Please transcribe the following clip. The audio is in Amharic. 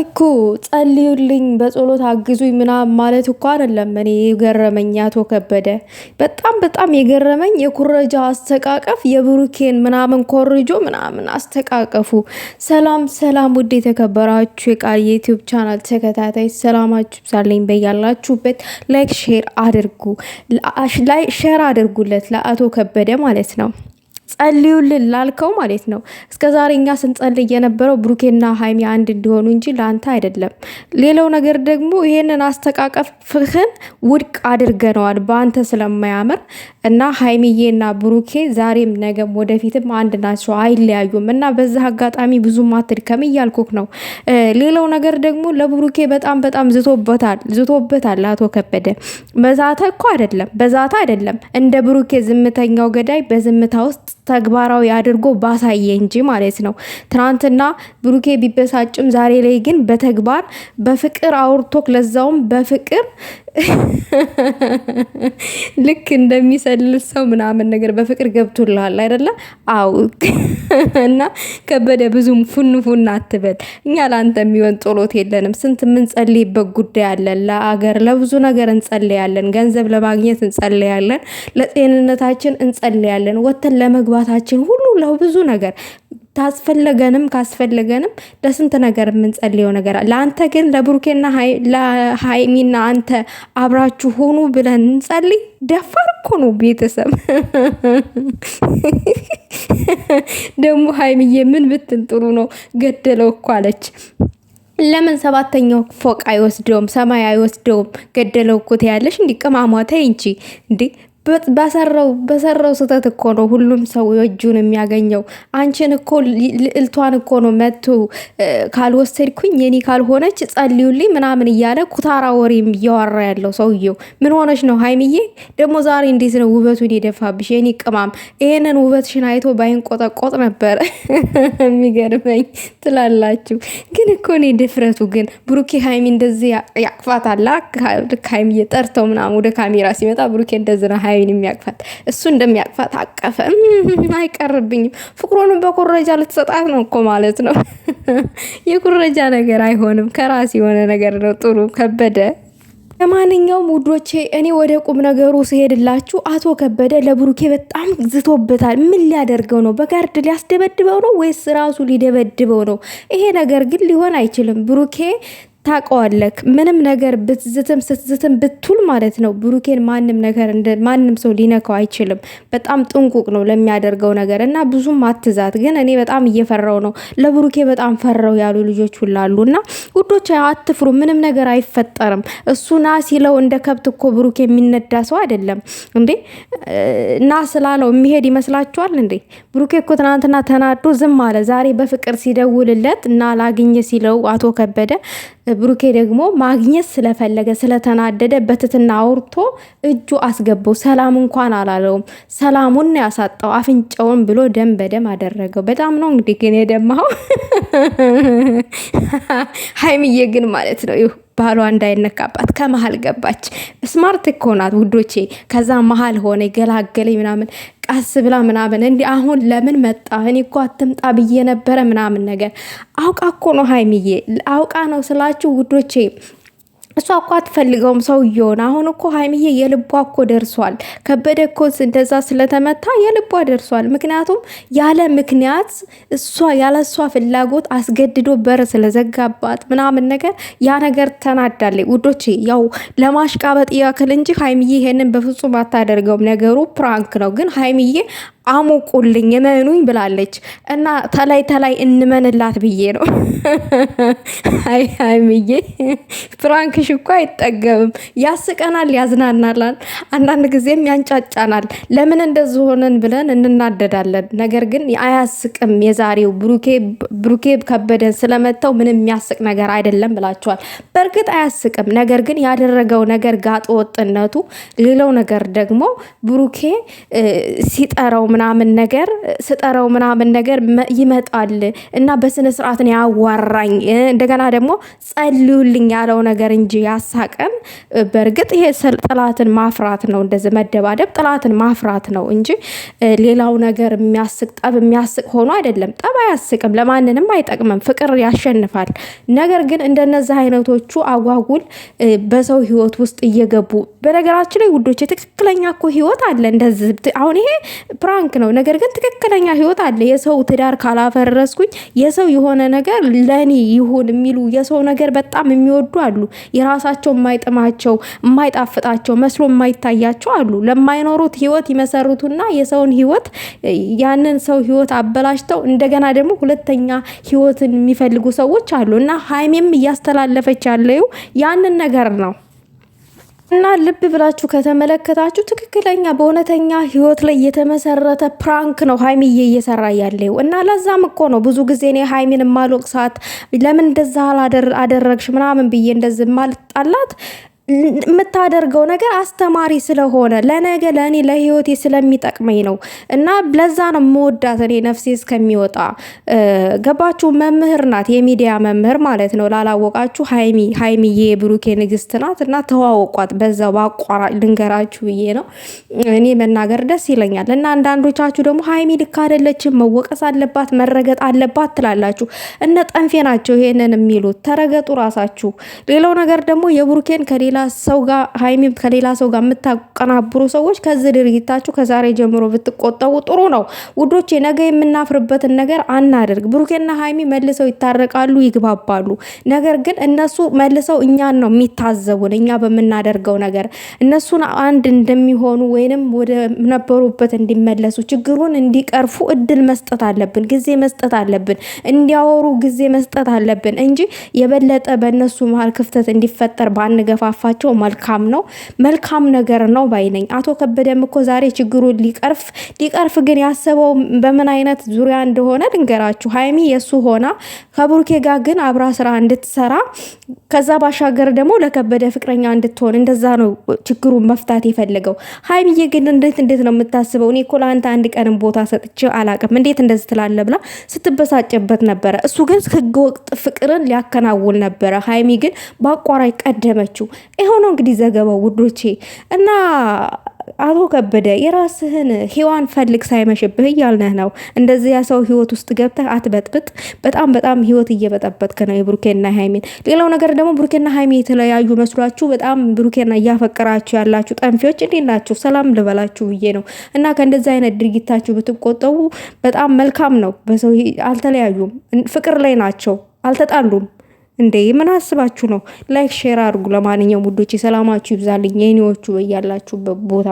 እኮ ጸልዩልኝ በጸሎት አግዙኝ ምናምን ማለት እኮ አይደለም። እኔ የገረመኝ አቶ ከበደ በጣም በጣም የገረመኝ የኩረጃ አስተቃቀፍ የብሩኬን ምናምን ኮርጆ ምናምን አስተቃቀፉ። ሰላም ሰላም፣ ውድ የተከበራችሁ የቃል የዩቲዩብ ቻናል ተከታታይ ሰላማችሁ ብዛለኝ በያላችሁበት። ላይክ ሼር አድርጉ፣ ላይ ሼር አድርጉለት ለአቶ ከበደ ማለት ነው። ጸልዩልን ላልከው ማለት ነው። እስከ ዛሬ እኛ ስንጸልይ የነበረው ብሩኬና ሀይሚ አንድ እንዲሆኑ እንጂ ለአንተ አይደለም። ሌላው ነገር ደግሞ ይሄንን አስተቃቀፍህን ውድቅ አድርገነዋል በአንተ ስለማያምር እና ሀይሚዬና ብሩኬ ዛሬም ነገም ወደፊትም አንድ ናቸው፣ አይለያዩም እና በዛ አጋጣሚ ብዙ አትድከም እያልኩክ ነው። ሌላው ነገር ደግሞ ለብሩኬ በጣም በጣም ዝቶበታል ዝቶበታል። አቶ ከበደ በዛተ እኮ አይደለም በዛተ አይደለም እንደ ብሩኬ ዝምተኛው ገዳይ በዝምታ ውስጥ ተግባራዊ አድርጎ ባሳየ እንጂ ማለት ነው። ትናንትና ብሩኬ ቢበሳጭም ዛሬ ላይ ግን በተግባር በፍቅር አውርቶክ ለዛውም በፍቅር ልክ እንደሚሰልል ሰው ምናምን ነገር በፍቅር ገብቶልሃል አይደለ? አው እና ከበደ ብዙም ፉን ፉን አትበል። እኛ ለአንተ የሚሆን ጸሎት የለንም። ስንት የምንጸልይበት ጉዳይ አለን። ለአገር ለብዙ ነገር እንጸልያለን። ገንዘብ ለማግኘት እንጸልያለን። ለጤንነታችን እንጸልያለን። ወተን ለመግባ መግባታችን ሁሉ ለብዙ ነገር ታስፈለገንም ካስፈለገንም ለስንት ነገር የምንጸልየው ነገር ለአንተ ግን ለብሩኬና ለሀይሚና አንተ አብራችሁ ሆኑ ብለን እንጸልይ። ደፋር እኮ ነው ቤተሰብ። ደግሞ ሀይሚዬ ምን ብትን ጥሩ ነው ገደለው እኮ አለች። ለምን ሰባተኛው ፎቅ አይወስደውም? ሰማይ አይወስደውም? ገደለው እኮ ትያለሽ እንዲ ቅማሟ ተይ እንጂ እንዲ በሰራው በሰራው ስህተት እኮ ነው ሁሉም ሰው እጁን የሚያገኘው። አንቺን እኮ ልዕልቷን እኮ ነው መቶ ካልወሰድኩኝ የኔ ካልሆነች ጸልዩልኝ ምናምን እያለ ኩታራ ወሬም እያወራ ያለው ሰውየው። ምን ሆነች ነው ሀይምዬ ደግሞ ዛሬ እንዴት ነው ውበቱን የደፋብሽ? የኔ ቅማም ይሄንን ውበትሽን አይቶ ባይንቆጠቆጥ ነበር የሚገርመኝ ትላላችሁ። ግን እኮ እኔ ድፍረቱ ግን ብሩኬ ሀይሚ እንደዚህ ያቅፋታላ። ልክ ጠርተው ምናምን ወደ ካሜራ ሲመጣ ብሩኬ እንደዚህ ነው ራዕይን የሚያቅፋት እሱ እንደሚያቅፋት አቀፈ። አይቀርብኝም ፍቅሮንም በኩረጃ ልትሰጣት ነው እኮ ማለት ነው። የኩረጃ ነገር አይሆንም፣ ከራስ የሆነ ነገር ነው። ጥሩ ከበደ ለማንኛውም ውዶቼ እኔ ወደ ቁም ነገሩ ስሄድላችሁ አቶ ከበደ ለብሩኬ በጣም ዝቶበታል። ምን ሊያደርገው ነው? በጋርድ ሊያስደበድበው ነው ወይስ ራሱ ሊደበድበው ነው? ይሄ ነገር ግን ሊሆን አይችልም። ብሩኬ ታውቀዋለክ ምንም ነገር ብትዝትም ስትዝትም ብትውል ማለት ነው ብሩኬን ማንም ነገር ማንም ሰው ሊነካው አይችልም። በጣም ጥንቁቅ ነው ለሚያደርገው ነገር እና ብዙም አትዛት። ግን እኔ በጣም እየፈራው ነው ለብሩኬ በጣም ፈራው ያሉ ልጆች ሁላሉ እና ውዶች አትፍሩ፣ ምንም ነገር አይፈጠርም። እሱ ና ሲለው እንደ ከብት እኮ ብሩኬ የሚነዳ ሰው አይደለም እንዴ። ና ስላለው የሚሄድ ይመስላችኋል እንዴ? ብሩኬ እኮ ትናንትና ተናዶ ዝም አለ። ዛሬ በፍቅር ሲደውልለት እና ላግኘ ሲለው አቶ ከበደ ብሩኬ ደግሞ ማግኘት ስለፈለገ ስለተናደደ በትትና አውርቶ እጁ አስገባው። ሰላም እንኳን አላለውም። ሰላሙን ያሳጣው አፍንጫውን ብሎ ደም በደም አደረገው። በጣም ነው እንግዲህ ግን የደማው ሀይምዬ ግን ማለት ነው ባሏ እንዳይነካባት ከመሀል ገባች። ስማርት እኮ ናት ውዶቼ። ከዛ መሀል ሆነ ገላገለኝ ምናምን ቀስ ብላ ምናምን እንዲ አሁን ለምን መጣ እኔ እኮ አትምጣ ብዬ ነበረ ምናምን ነገር አውቃ እኮ ነው ሀይሚዬ፣ አውቃ ነው ስላችሁ ውዶቼ እሷ እኮ አትፈልገውም ሰውየውን። አሁን እኮ ሀይሚዬ የልቧ እኮ ደርሷል። ከበደ እኮ እንደዛ ስለተመታ የልቧ ደርሷል። ምክንያቱም ያለ ምክንያት እሷ ያለ እሷ ፍላጎት አስገድዶ በር ስለዘጋባት ምናምን ነገር ያ ነገር ተናዳለች። ውዶች ያው ለማሽቃበጥ ያክል እንጂ ሀይሚዬ ይሄንን በፍጹም አታደርገውም። ነገሩ ፕራንክ ነው። ግን ሀይሚዬ አሞቁልኝ እመኑኝ ብላለች እና ተላይ ተላይ እንመንላት ብዬ ነው። አይ ሀይሚዬ ፍራንክሽ እኮ አይጠገብም። ያስቀናል፣ ያዝናናላል፣ አንዳንድ ጊዜም ያንጫጫናል። ለምን እንደዚ ሆነን ብለን እንናደዳለን። ነገር ግን አያስቅም። የዛሬው ብሩኬ ከበደን ስለመተው ምንም የሚያስቅ ነገር አይደለም ብላችኋል። በእርግጥ አያስቅም። ነገር ግን ያደረገው ነገር ጋጠ ወጥነቱ፣ ሌላው ነገር ደግሞ ብሩኬ ሲጠራው ምናምን ነገር ስጠረው ምናምን ነገር ይመጣል እና በስነ ስርዓት ነው ያዋራኝ። እንደገና ደግሞ ጸልዩልኝ ያለው ነገር እንጂ ያሳቀን። በእርግጥ ይሄ ጥላትን ማፍራት ነው፣ እንደዚህ መደባደብ ጥላትን ማፍራት ነው እንጂ ሌላው ነገር የሚያስቅ ጠብ የሚያስቅ ሆኖ አይደለም። ጠብ አያስቅም፣ ለማንንም አይጠቅምም። ፍቅር ያሸንፋል። ነገር ግን እንደነዚህ አይነቶቹ አጓጉል በሰው ህይወት ውስጥ እየገቡ በነገራችን ላይ ውዶች፣ የትክክለኛ እኮ ህይወት አለ እንደዚህ አሁን ይሄ ፕራንክ ፕራንክ ነው። ነገር ግን ትክክለኛ ህይወት አለ። የሰው ትዳር ካላፈረስኩኝ የሰው የሆነ ነገር ለእኔ ይሁን የሚሉ የሰው ነገር በጣም የሚወዱ አሉ። የራሳቸው የማይጥማቸው የማይጣፍጣቸው መስሎ የማይታያቸው አሉ። ለማይኖሩት ህይወት ይመሰርቱና የሰውን ህይወት ያንን ሰው ህይወት አበላሽተው እንደገና ደግሞ ሁለተኛ ህይወትን የሚፈልጉ ሰዎች አሉ እና ሀይሜም እያስተላለፈች ያለው ያንን ነገር ነው። እና ልብ ብላችሁ ከተመለከታችሁ ትክክለኛ በእውነተኛ ህይወት ላይ የተመሰረተ ፕራንክ ነው ሀይሚዬ እየሰራ ያለው። እና ለዛም እኮ ነው ብዙ ጊዜ እኔ ሀይሚን የማልወቅሳት ለምን እንደዛ አደረግሽ ምናምን ብዬ እንደዚህ ማልጣላት የምታደርገው ነገር አስተማሪ ስለሆነ ለነገ ለእኔ ለህይወቴ ስለሚጠቅመኝ ነው እና ለዛ ነው የምወዳት እኔ ነፍሴ እስከሚወጣ። ገባችሁ? መምህር ናት፣ የሚዲያ መምህር ማለት ነው። ላላወቃችሁ ሀይሚ ሀይሚዬ የብሩኬ ንግስት ናት እና ተዋወቋት። በዛው በአቋራጭ ልንገራችሁ ብዬ ነው እኔ መናገር ደስ ይለኛል። እና አንዳንዶቻችሁ ደግሞ ሀይሚ ልክ አይደለችም፣ መወቀስ አለባት፣ መረገጥ አለባት ትላላችሁ። እነ ጠንፌ ናቸው ይሄንን የሚሉት። ተረገጡ ራሳችሁ። ሌላው ነገር ደግሞ የብሩኬን ከሌ ከሌላ ሰው ጋር ሀይሚም ከሌላ ሰው ጋር የምታቀናብሩ ሰዎች ከዚህ ድርጊታችሁ ከዛሬ ጀምሮ ብትቆጠቡ ጥሩ ነው ውዶቼ። ነገ የምናፍርበትን ነገር አናደርግ። ብሩኬና ሀይሚ መልሰው ይታረቃሉ፣ ይግባባሉ። ነገር ግን እነሱ መልሰው እኛን ነው የሚታዘቡን እኛ በምናደርገው ነገር እነሱን አንድ እንደሚሆኑ ወይንም ወደ ነበሩበት እንዲመለሱ ችግሩን እንዲቀርፉ እድል መስጠት አለብን፣ ጊዜ መስጠት አለብን፣ እንዲያወሩ ጊዜ መስጠት አለብን እንጂ የበለጠ በእነሱ መሀል ክፍተት እንዲፈጠር ባንገፋፋ ማስከፋቸው መልካም ነው፣ መልካም ነገር ነው ባይነኝ። አቶ ከበደም እኮ ዛሬ ችግሩን ሊቀርፍ ሊቀርፍ ግን ያሰበው በምን አይነት ዙሪያ እንደሆነ ልንገራችሁ። ሀይሚ የእሱ ሆና ከብሩኬ ጋር ግን አብራ ስራ እንድትሰራ ከዛ ባሻገር ደግሞ ለከበደ ፍቅረኛ እንድትሆን እንደዛ ነው ችግሩን መፍታት የፈለገው። ሀይሚዬ ግን እንዴት እንዴት ነው የምታስበው? እኔ እኮ ለአንተ አንድ ቀንም ቦታ ሰጥቼ አላቅም እንዴት እንደዚህ ትላለ ብላ ስትበሳጭበት ነበረ። እሱ ግን ህገ ወጥ ፍቅርን ሊያከናውል ነበረ። ሀይሚ ግን በአቋራጭ ቀደመችው። የሆነው እንግዲህ ዘገባው ውዶቼ እና አቶ ከበደ የራስህን ሔዋን ፈልግ ሳይመሽብህ እያልነህ ነው። እንደዚህ ሰው ህይወት ውስጥ ገብተህ አትበጥብጥ። በጣም በጣም ህይወት እየበጠበጥክ ነው የብሩኬና ሃይሜን። ሌላው ነገር ደግሞ ብሩኬና ሃይሜ የተለያዩ መስሏችሁ በጣም ብሩኬና እያፈቀራችሁ ያላችሁ ጠንፊዎች እንዴት ናችሁ? ሰላም ልበላችሁ ብዬ ነው እና ከእንደዚህ አይነት ድርጊታችሁ ብትቆጠቡ በጣም መልካም ነው። በሰው አልተለያዩም፣ ፍቅር ላይ ናቸው፣ አልተጣሉም። እንዴ ምን አስባችሁ ነው? ላይክ ሼር አድርጉ። ለማንኛውም ውዶች ሰላማችሁ ይብዛልኝ። የኔዎቹ በያላችሁበት ቦታ